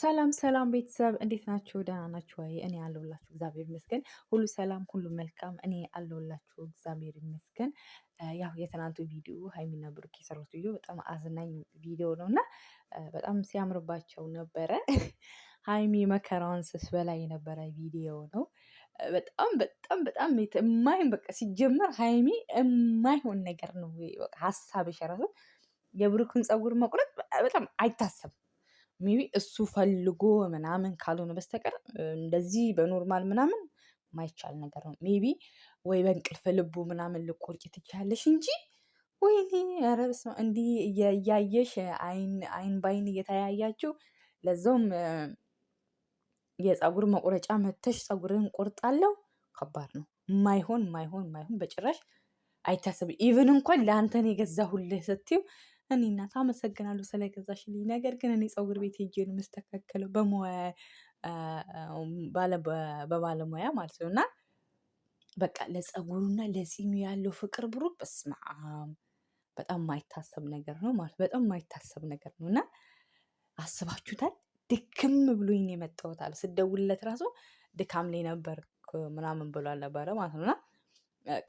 ሰላም ሰላም ቤተሰብ እንዴት ናችሁ? ደህና ናችሁ ወይ? እኔ አለሁላችሁ እግዚአብሔር ይመስገን። ሁሉ ሰላም፣ ሁሉ መልካም። እኔ አለሁላችሁ እግዚአብሔር ይመስገን። ያው የትናንቱ ቪዲዮ ሀይሚና ብሩክ የሰሩት ቪዲዮ በጣም አዝናኝ ቪዲዮ ነው እና በጣም ሲያምርባቸው ነበረ። ሀይሚ መከራዋን ስትበላ የነበረ ቪዲዮ ነው። በጣም በጣም በጣም የማይሆን በቃ ሲጀመር ሀይሚ የማይሆን ነገር ነው ሀሳብ የሸራሰ የብሩክን ፀጉር መቁረጥ በጣም አይታሰብም። ሜቢ እሱ ፈልጎ ምናምን ካልሆነ በስተቀር እንደዚህ በኖርማል ምናምን ማይቻል ነገር ነው። ሜቢ ወይ በእንቅልፍ ልቡ ምናምን ልቆርጭ ትችላለሽ እንጂ ወይኔ ኧረ በስመ አብ እንዲህ እያየሽ አይን በአይን እየተያያችው ለዛውም የፀጉር መቁረጫ መተሽ ፀጉርን ቆርጣለው ከባድ ነው። ማይሆን ማይሆን ማይሆን በጭራሽ አይታሰብ። ኢቭን እንኳን ለአንተን የገዛሁልህ ስትይው እኔ እናት አመሰግናለሁ ስለገዛሽልኝ፣ ነገር ግን እኔ ፀጉር ቤት ሄጄ ነው የምስተካከለው በባለሙያ ማለት ነው። እና በቃ ለፀጉሩና ለፂሙ ያለው ፍቅር ብሩ በስማም በጣም የማይታሰብ ነገር ነው ማለት በጣም ማይታሰብ ነገር ነው። እና አስባችሁታል። ድክም ብሎኝ ነው የመጣሁት አለ። ስደውልለት ራሱ ድካም ላይ ነበር ምናምን ብሏል ነበረ ማለት ነው እና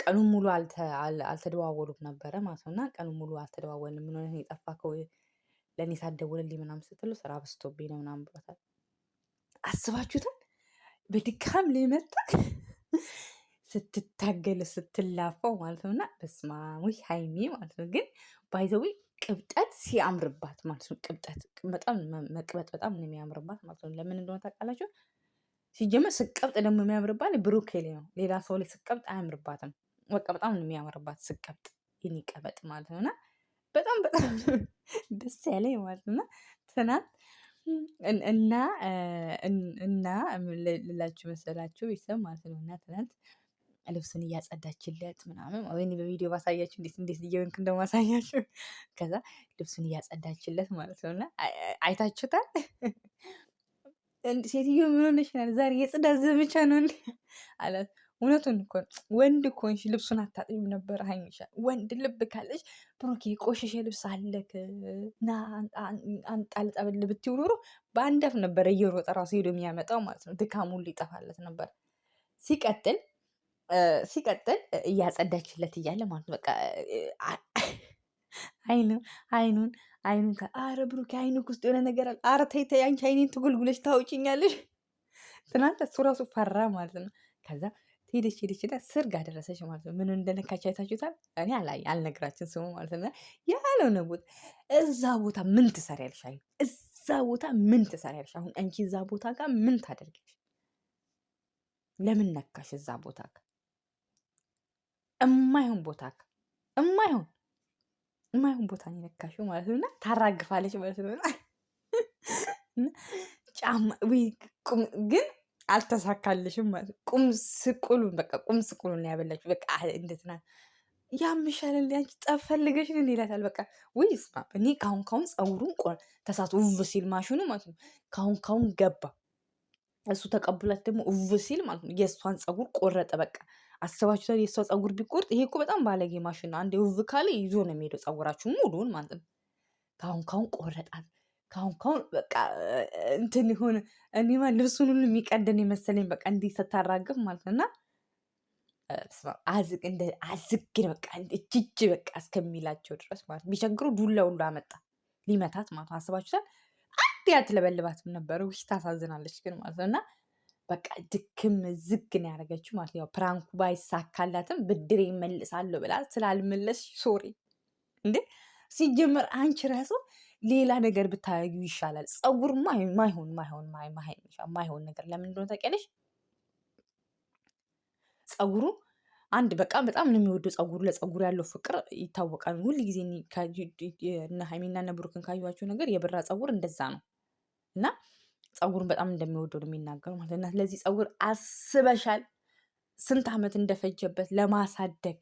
ቀኑን ሙሉ አልተደዋወሉም ነበረ ማለት ነው። እና ቀኑን ሙሉ አልተደዋወልም ምን ሆነህ ነው የጠፋከው? ለእኔ ሳትደውልልኝ ምናምን ስትለው ስራ በዝቶብኝ ነው ምናምን ብሎታል። አስባችሁታል? በድካም ላይ መጣ ስትታገል ስትላፋው ማለት ነው። እና በስመ አብ ውይ ሀይሚ ማለት ነው። ግን ባይዘዊ ቅብጠት ሲያምርባት ማለት ነው። ቅብጠት በጣም መቅበጥ በጣም ነው የሚያምርባት ማለት ነው። ለምን እንደሆነ ታውቃላችሁ? ሲጀመር ስቀብጥ ደግሞ የሚያምርባት ብሩኬሌ ነው። ሌላ ሰው ላይ ስቀብጥ አያምርባትም። በቃ በጣም ነው የሚያምርባት ስቀብጥ፣ የሚቀበጥ ማለት ነው። እና በጣም በጣም ደስ ያለኝ ማለት ነው። ትናንት እና እና ልላችሁ መሰላችሁ ቤተሰብ ማለት ነው። እና ትናንት ልብሱን እያጸዳችለት ምናምን ወይ በቪዲዮ ባሳያችሁ እንዴት እንዴት እየሆንክ እንደማሳያችሁ። ከዛ ልብሱን እያጸዳችለት ማለት ነው እና አይታችሁታል ሴትዮ ምን ሆነሽ ዛሬ የጽዳት ዘመቻ ነው አላት። እውነቱን እኮ ወንድ ኮንሽ ልብሱን አታጥቢም ነበር ሀይሚሻ። ወንድ ልብ ካለሽ ብሩኬ ቆሸሸ ልብስ አለክ ና አንጣልጠብል ብትይው ኖሮ በአንድ አፍ ነበር እየሮጠ ራሱ ሄዶ የሚያመጣው ማለት ነው። ድካሙ ሊጠፋለት ነበር። ሲቀጥል ሲቀጥል እያጸዳችለት እያለ ማለት በቃ አይኑ አይኑን አይኑን አረ ብሩኬ አይኑ ውስጥ የሆነ ነገር አለ። አረ ተይ ተይ አንቺ አይኔን ትጉልጉለች ታውጭኛለሽ። ትናንት እሱ ራሱ ፈራ ማለት ነው። ከዛ ሄደች ሄደች ና ስር አደረሰች ማለት ነው። ምን እንደነካች አይታችሁታል። እኔ አላይ አልነግራችን ስሙ ማለት ነው። ያለውን ቦታ እዛ ቦታ ምን ትሰሪያለሽ? አይኑ እዛ ቦታ ምን ትሰሪያለሽ? አሁን አንቺ እዛ ቦታ ጋር ምን ታደርጊያለሽ? ለምን ነካሽ? እዛ ቦታ ጋር እማይሆን ቦታ ጋር እማይሆን የማይሆን ቦታ ነው የነካሽው ማለት ነውና ታራግፋለች ማለት ነው። ጫማ ግን አልተሳካልሽም ማለት ነው። ቁም ስቁሉን በቃ ቁም ስቁሉን ያበላችሁ በቃ እንደት ናት ያምሻል እንደ አንቺ ጠብ ፈልገሽ ነው ይላታል። በቃ ወይ ስማ እኔ ካሁን ካሁን ፀጉሩን ቆ ተሳት ውብ ሲል ማሽኑ ማለት ነው። ካሁን ካሁን ገባ እሱ ተቀብላት ደግሞ ውብ ሲል ማለት ነው። የእሷን ፀጉር ቆረጠ በቃ አስባችሁታል? የሰው ፀጉር ቢቆርጥ ይሄ እኮ በጣም ባለጌ ማሽን ነው። አንድ ውብ ካለ ይዞ ነው የሚሄደው ፀጉራችሁ ሙሉን ማለት ነው። ካሁን ካሁን ቆረጣል ካሁን ካሁን በቃ እንትን የሆነ እኔማ ልብሱን ሁሉ የሚቀደን የመሰለኝ በቃ እንዲህ ስታራግፍ ማለት ነው እና አዝግን በቃ እጅጅ በቃ እስከሚላቸው ድረስ ማለት ቢቸግሩ ዱላ ሁሉ አመጣ ሊመታት ማለት ነው። አስባችሁታል? አንድ ያት ለበልባትም ነበረ። ታሳዝናለች ግን ማለት ነው እና በቃ ድክም ዝግን ያደረገችው ማለት ያው ፕራንኩ ባይሳካላትም ብድሬ መልሳለሁ ብላ ስላልመለስ ሶሪ። እንዴ ሲጀምር አንቺ ራሱ ሌላ ነገር ብታዩ ይሻላል። ፀጉር ማይሆን ማይሆን ማይሆን ነገር ለምን እንደሆነ ታውቂያለሽ? ፀጉሩ አንድ በቃ በጣም ነው የሚወደው ፀጉሩ ለፀጉሩ ያለው ፍቅር ይታወቃል። ሁል ጊዜ እነ ሀይሚና እነ ብሩክን ነገር የብራ ፀጉር እንደዛ ነው እና ጸጉሩን በጣም እንደሚወደው የሚናገሩ ማለት እና ስለዚህ ፀጉር አስበሻል ስንት ዓመት እንደፈጀበት ለማሳደግ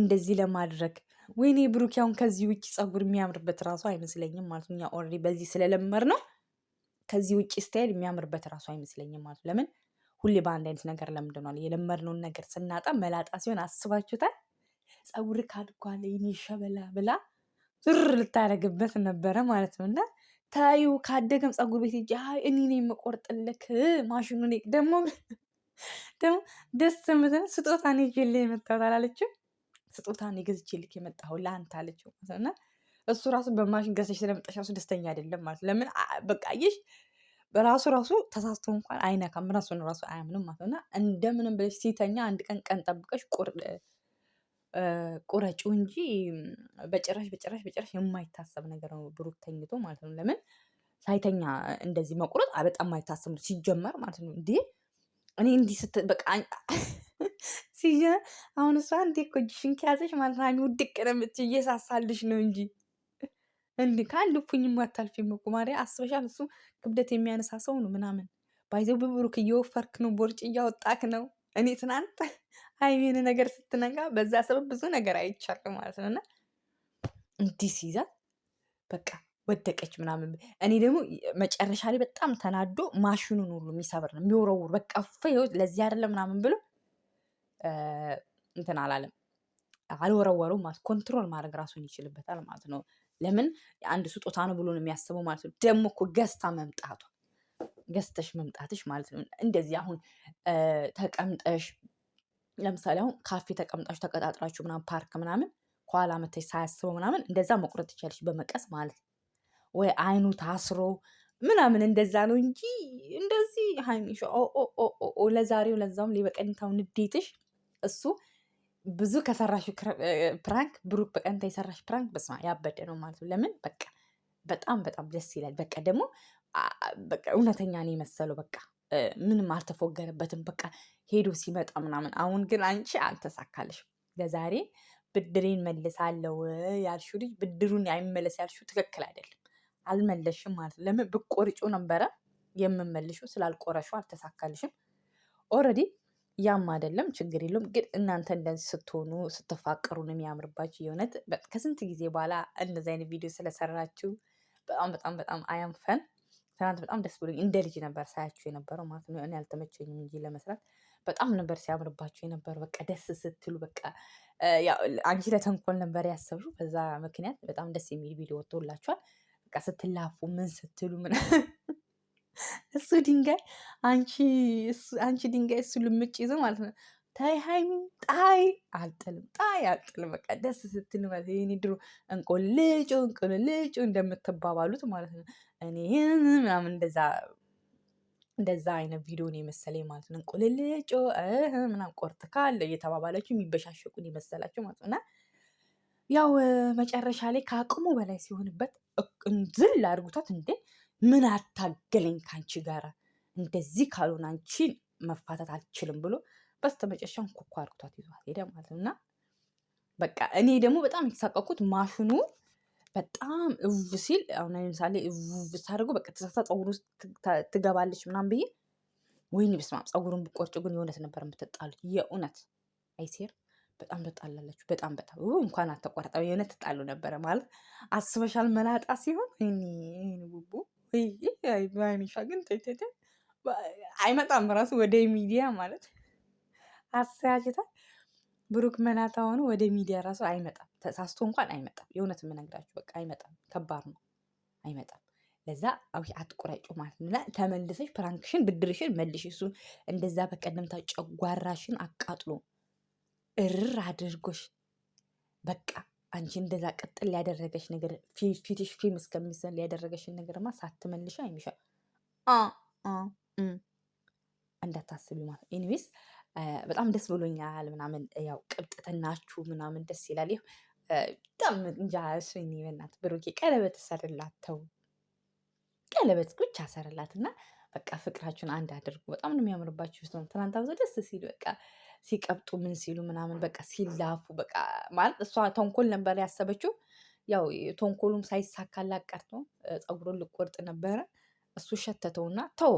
እንደዚህ ለማድረግ ወይኔ ብሩክ ያሁን ከዚህ ውጭ ፀጉር የሚያምርበት ራሱ አይመስለኝም ማለት እኛ ኦልሬዲ በዚህ ስለለመር ነው ከዚህ ውጭ ስታይል የሚያምርበት ራሱ አይመስለኝም ማለት ለምን ሁሌ በአንድ አይነት ነገር ለምደናል የለመድነውን ነገር ስናጣ መላጣ ሲሆን አስባችሁታል ጸጉር ካድጓል ይኔ ሸበላ ብላ ር ልታደረግበት ነበረ ማለት ነው እና ታዩ ካደገም ፀጉር ቤት ሂጅ። አይ እኔ ነኝ የምቆርጥልክ ማሽኑ እኔ ደግሞ ደግሞ ደስ ምትን ስጦታ ነው ይዤልህ የመጣሁት አላለችም። ስጦታ ነው የገዝቼልክ የመጣሁ ለአንተ አለችው እና እሱ ራሱ በማሽን ገዝተሽ ስለመጣሽ ራሱ ደስተኛ አይደለም ማለት ለምን በቃ አየሽ፣ በራሱ ራሱ ተሳስቶ እንኳን አይነካም ራሱን ራሱ አያምንም ማለት ነው እና እንደምንም ብለሽ ሲተኛ አንድ ቀን ቀን ጠብቀሽ ቁር ቁረጩ እንጂ በጭራሽ በጭራሽ በጭራሽ የማይታሰብ ነገር ነው። ብሩክ ተኝቶ ማለት ነው። ለምን ሳይተኛ እንደዚህ መቁረጥ በጣም የማይታሰብ ነው ሲጀመር ማለት ነው። እንዲህ እኔ እንዲህ ስት በቃ ሲጀ አሁን እሷ እንዴ እኮ እጅሽን ከያዘሽ ማለት ነው ውድቅ ነው የምትይው እየሳሳልሽ ነው እንጂ እንዲ ከአንድ እኩኝም አታልፊም እኮ ማርያ አስበሻል። እሱ ክብደት የሚያነሳ ሰው ነው ምናምን ባይዘው ብብሩክ እየወፈርክ ነው፣ ቦርጭ እያወጣክ ነው። እኔ ትናንት ሀይሚን ነገር ስትነጋ በዛ ሰበብ ብዙ ነገር አይቻልም ማለት ነው። እና እንዲህ ሲይዛት በቃ ወደቀች ምናምን። እኔ ደግሞ መጨረሻ ላይ በጣም ተናዶ ማሽኑን ሁሉ የሚሰብር ነው የሚወረውር። በቃ ለዚህ አይደለም ምናምን ብሎ እንትን አላለም አልወረወሩም ማለት ኮንትሮል ማድረግ ራሱን ይችልበታል ማለት ነው። ለምን አንድ ስጦታ ነው ብሎ ነው የሚያስበው ማለት ነው። ደግሞ እኮ ገዝታ መምጣቷ ገዝተሽ መምጣትሽ ማለት ነው። እንደዚህ አሁን ተቀምጠሽ ለምሳሌ አሁን ካፌ ተቀምጣችሁ ተቀጣጥራችሁ ምናምን ፓርክ ምናምን ከኋላ መተች ሳያስበው ምናምን እንደዛ መቁረጥ ትችላለች በመቀስ ማለት ወይ አይኑ ታስሮ ምናምን እንደዛ ነው እንጂ እንደዚህ ሀይሚሽ ለዛሬው ለዛውም ሊበቀኝታው ንዴትሽ እሱ ብዙ ከሰራሽ ፕራንክ ብሩክ በቀንታ የሰራሽ ፕራንክ በስማ ያበደ ነው ማለት ነው። ለምን በቃ በጣም በጣም ደስ ይላል። በቃ ደግሞ በቃ እውነተኛ ነው የመሰለው በቃ ምንም አልተፎገረበትም። በቃ ሄዶ ሲመጣ ምናምን። አሁን ግን አንቺ አልተሳካልሽም ለዛሬ ብድሬን መልሳለው ያልሹ ልጅ ብድሩን አይመለስ ያልሹ ትክክል አይደለም። አልመለሽም ማለት ለምን ብቆርጩ ነበረ የምመልሹ ስላልቆረሹ አልተሳካልሽም። ኦልሬዲ ያም አይደለም ችግር የለውም። ግን እናንተ እንደዚህ ስትሆኑ ስትፋቀሩ ነው የሚያምርባችሁ። የእውነት ከስንት ጊዜ በኋላ እንደዚህ አይነት ቪዲዮ ስለሰራችሁ በጣም በጣም በጣም አያም ፈን ትናንት በጣም ደስ ብሎኝ እንደ ልጅ ነበር ሳያችሁ የነበረው ማለት ነው። እኔ አልተመቸኝም እንጂ ለመስራት በጣም ነበር ሲያምርባችሁ የነበረ። በቃ ደስ ስትሉ በቃ አንቺ ለተንኮል ነበር ያሰብሹ። በዛ ምክንያት በጣም ደስ የሚል ቪዲዮ ወጥቶላችኋል። በቃ ስትላፉ ምን ስትሉ ምን እሱ ድንጋይ አንቺ አንቺ ድንጋይ እሱ ልምጭ ይዞ ማለት ነው። ታይ ሀይሚ ጣይ አልጥልም ጣይ አልጥልም። በቃ ደስ ስትል ማለት ይህኒ ድሮ እንቆልጩ እንቆልጩ እንደምትባባሉት ማለት ነው። እኔ ምናምን እንደዛ እንደዛ አይነት ቪዲዮን የመሰለኝ ማለት ነው። እንቁልልጮ ምናምን ቆርጥ ካለ እየተባባላችሁ የሚበሻሸቁን የመሰላችሁ ማለት ነው። እና ያው መጨረሻ ላይ ከአቅሙ በላይ ሲሆንበት ዝል አድርጉታት። እንዴ ምን አታገለኝ ከአንቺ ጋራ እንደዚህ ካልሆነ አንቺን መፋታት አልችልም ብሎ በስተመጨረሻም ኩኳ አድርጉታት ይዟት ሄደ ማለት ነው። እና በቃ እኔ ደግሞ በጣም የተሳቀኩት ማሽኑ በጣም እቭ ሲል አሁን ለምሳሌ እቭ ስታደርገው በቃ ተሳስታ ፀጉር ውስጥ ትገባለች ምናምን ብዬ ወይኔ በስመ አብ ፀጉሩን ብቆርጭ ግን የእውነት ነበር የምትጣሉት። የእውነት አይሴር በጣም ተጣላለችሁ። በጣም በጣም እንኳን አተቆረጠ የእውነት ትጣሉ ነበረ ማለት አስበሻል። መላጣ ሲሆን ይህን ቡቡ ይሚሻ ግን አይመጣም ራሱ ወደ ሚዲያ ማለት አስተያየታ ብሩክ መላጣ ሆኖ ወደ ሚዲያ ራሱ አይመጣም። ተሳስቶ እንኳን አይመጣም። የእውነት የምነግራችሁ በቃ አይመጣም። ከባድ ነው፣ አይመጣም። ለዛ አዊ አትቆራጩ ማለት ነው። ተመልሰሽ ፕራንክሽን ብድርሽን መልሽ። እሱ እንደዛ በቀደምታ ጨጓራሽን አቃጥሎ እርር አድርጎሽ በቃ አንቺ እንደዛ ቅጥል ያደረገሽ ነገር ፊትሽ ፊልም እስከሚሰል ያደረገሽን ነገርማ ሳትመልሽ አይሚሻ እንዳታስቢ ማለት ኢኒዌይስ በጣም ደስ ብሎኛል ምናምን ያው ቅብጥትናችሁ ምናምን ደስ ይላል። በጣም እንጃ። እሱ እኔ በእናትህ ብሩኬ ቀለበት ሰርላት፣ ተው ቀለበት ብቻ ሰርላት እና በቃ ፍቅራችሁን አንድ አድርጉ። በጣም ነው የሚያምርባችሁ። ውስጥ ነው ትናንት አብዞ ደስ ሲል በቃ ሲቀብጡ ምን ሲሉ ምናምን በቃ ሲላፉ በቃ ማለት እሷ ተንኮል ነበር ያሰበችው። ያው ተንኮሉም ሳይሳካላት ቀርቶ ፀጉሩን ልቆርጥ ነበረ እሱ ሸተተውና ተው